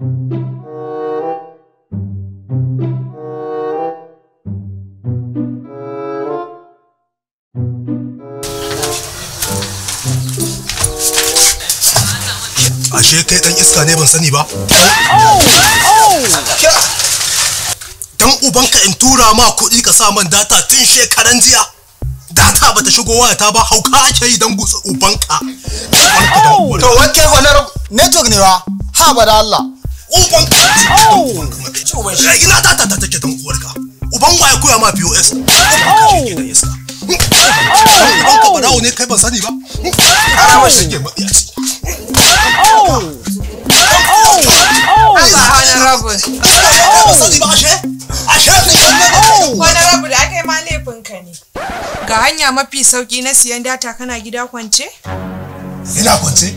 ashe kai ɗan iska ne ban sani ba dan ubanka in tura ma kuɗi ka sa man data tun shekaran jiya data bata shigo wayata ba hauka ake yi dan gusa ubanka to wanke honar network ne wa ha ba Allah uban kanci ciwon shi ina ta ta take dan uwarka uban waye koya ma POS uban ka barawo ne kai ban sani ba ara ma shi ke ba Ga hanya mafi sauki na siyan data kana gida kwance? Ina kwance?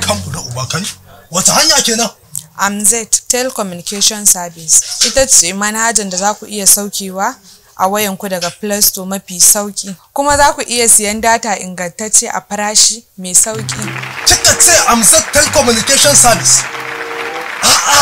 Kan da uba kai? Wata hanya kenan? amzet telecommunication service ita ce manhajar da za ku iya saukewa a wayanku daga Play Store mafi sauki kuma za ku iya siyan data ingantacce a farashi mai sauki. Kika ce Amzat Telecommunication Service? A'a,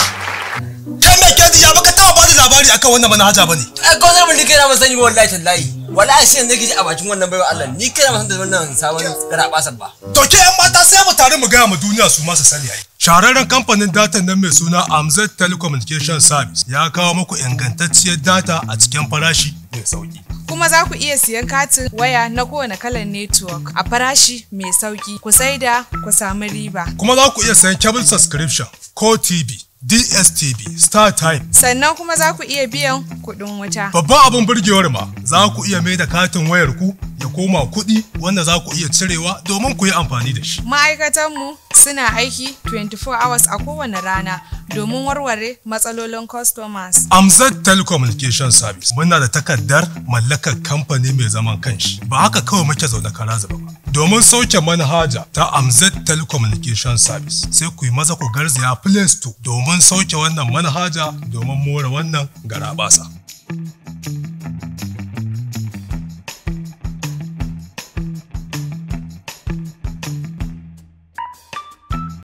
kai mai kendi ya baka taba bada labari akan wannan manhaja bane. A kawai mun dike na ban sani wallahi tallahi. Wallahi sai nake ji a bakin wannan baiwa Allah ni kai na san da wannan sabon gara ba. To ke yan mata sai mu tare mu ga mu duniya su ma su sani ai. Shahararren kamfanin data nan mai suna Amzet Telecommunication Service ya kawo muku ingantacciyar data a cikin farashi mai sauki. Kuma za ku iya siyan katin waya na kowane kalar network a farashi mai sauki ku da ku samu riba. Kuma za ku iya sayan cable subscription ko TV. DSTV, Star Time. Sannan kuma za ku iya biyan kuɗin wuta. Babban abin burgewar ma za ku iya mai da katin wayar ku ya koma kuɗi wanda za ku iya cirewa domin ku yi amfani da shi. Ma'aikatanmu suna aiki 24 hours a kowane rana domin warware matsalolin customers. Amzat Telecommunication Service muna da takardar mallakar kamfani mai zaman kanshi ba haka kawai muke zaune kara zuba ba. Domin sauke manhaja ta Amzat Telecommunication Service sai ku yi maza ku garzaya Play Store domin sauke wannan manhaja domin more wannan garabasa.